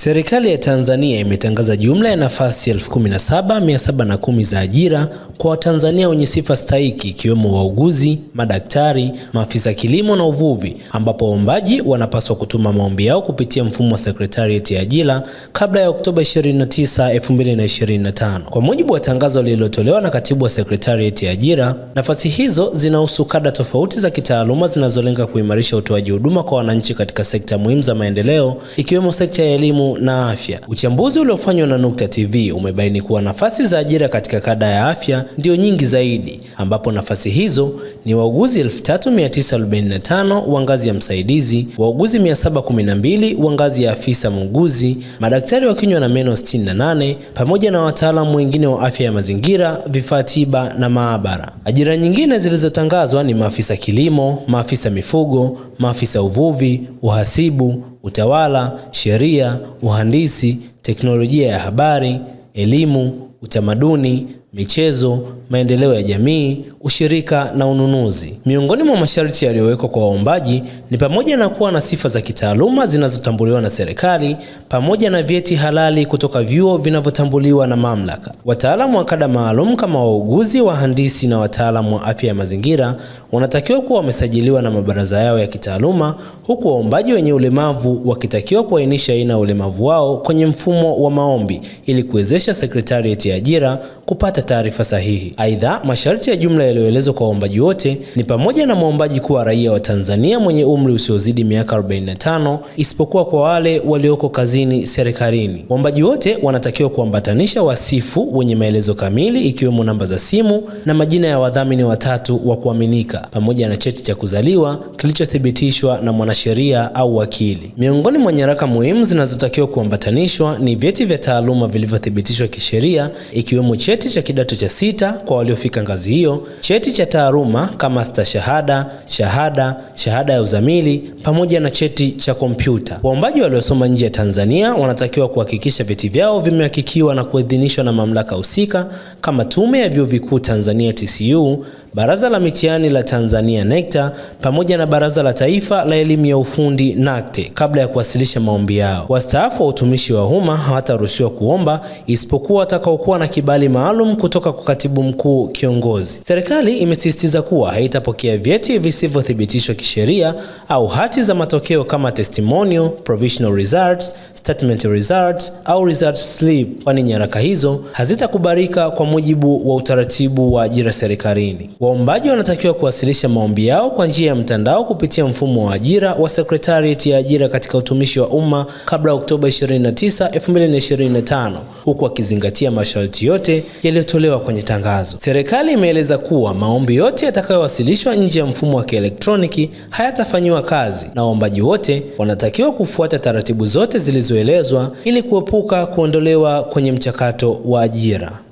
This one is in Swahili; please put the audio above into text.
Serikali ya Tanzania imetangaza jumla ya nafasi 17710 za ajira kwa Watanzania wenye sifa stahiki ikiwemo wauguzi, madaktari, maafisa kilimo na uvuvi, ambapo waombaji wanapaswa kutuma maombi yao kupitia mfumo wa Secretariat ya ajira kabla ya Oktoba 29, 2025. Kwa mujibu wa tangazo lililotolewa na katibu wa Secretariat ya ajira, nafasi hizo zinahusu kada tofauti za kitaaluma zinazolenga kuimarisha utoaji huduma kwa wananchi katika sekta muhimu za maendeleo ikiwemo sekta ya elimu na afya. Uchambuzi uliofanywa na Nukta TV umebaini kuwa nafasi za ajira katika kada ya afya ndio nyingi zaidi, ambapo nafasi hizo ni wauguzi 3945 wa ngazi ya msaidizi, wauguzi 712 wa ngazi ya afisa muuguzi, madaktari wa kinywa na meno 68 pamoja na wataalamu wengine wa afya ya mazingira, vifaa tiba na maabara. Ajira nyingine zilizotangazwa ni maafisa kilimo, maafisa mifugo, maafisa uvuvi, uhasibu, utawala, sheria uhandisi, teknolojia ya habari, elimu, utamaduni michezo, maendeleo ya jamii, ushirika na ununuzi. Miongoni mwa masharti yaliyowekwa kwa waombaji ni pamoja na kuwa na sifa za kitaaluma zinazotambuliwa na serikali pamoja na vyeti halali kutoka vyuo vinavyotambuliwa na mamlaka. Wataalamu wa kada maalum kama wauguzi, wahandisi na wataalamu wa afya ya mazingira wanatakiwa kuwa wamesajiliwa na mabaraza yao ya kitaaluma, huku waombaji wenye ulemavu wakitakiwa kuainisha aina ya ulemavu wao kwenye mfumo wa maombi ili kuwezesha sekretarieti ya ajira kupata kupata taarifa sahihi. Aidha, masharti ya jumla yaliyoelezwa kwa waombaji wote ni pamoja na mwombaji kuwa raia wa Tanzania mwenye umri usiozidi miaka 45 isipokuwa kwa wale walioko kazini serikalini. Waombaji wote wanatakiwa kuambatanisha wasifu wenye maelezo kamili ikiwemo namba za simu na majina ya wadhamini watatu wa kuaminika pamoja na cheti cha kuzaliwa kilichothibitishwa na mwanasheria au wakili. Miongoni mwa nyaraka muhimu zinazotakiwa kuambatanishwa ni vyeti vya taaluma vilivyothibitishwa kisheria ikiwemo cheti cha kidato cha sita kwa waliofika ngazi hiyo, cheti cha taaluma kama stashahada, shahada, shahada ya uzamili pamoja na cheti cha kompyuta. Waombaji waliosoma nje ya Tanzania wanatakiwa kuhakikisha vyeti vyao vimehakikiwa na kuidhinishwa na mamlaka husika kama Tume ya Vyuo Vikuu Tanzania TCU, Baraza la Mitihani la Tanzania NECTA pamoja na Baraza la Taifa la Elimu ya Ufundi NACTE kabla ya kuwasilisha maombi yao. Wastaafu wa utumishi wa umma hawataruhusiwa kuomba isipokuwa watakaokuwa na kibali maalum kutoka kwa katibu mkuu kiongozi. Serikali imesisitiza kuwa haitapokea vyeti visivyothibitishwa kisheria au hati za matokeo kama testimonial, provisional results statement results au result slip, kwani nyaraka hizo hazitakubalika kwa mujibu wa utaratibu wa ajira serikalini. Waombaji wanatakiwa kuwasilisha maombi yao kwa njia ya mtandao kupitia mfumo wa ajira wa Secretariat ya ajira katika utumishi wa umma kabla Oktoba 29, 2025 huku wakizingatia masharti yote yaliyotolewa kwenye tangazo. Serikali imeeleza kuwa maombi yote yatakayowasilishwa nje ya mfumo wa kielektroniki hayatafanyiwa kazi na waombaji wote wanatakiwa kufuata taratibu zote zilizo zilizoelezwa ili kuepuka kuondolewa kwenye mchakato wa ajira.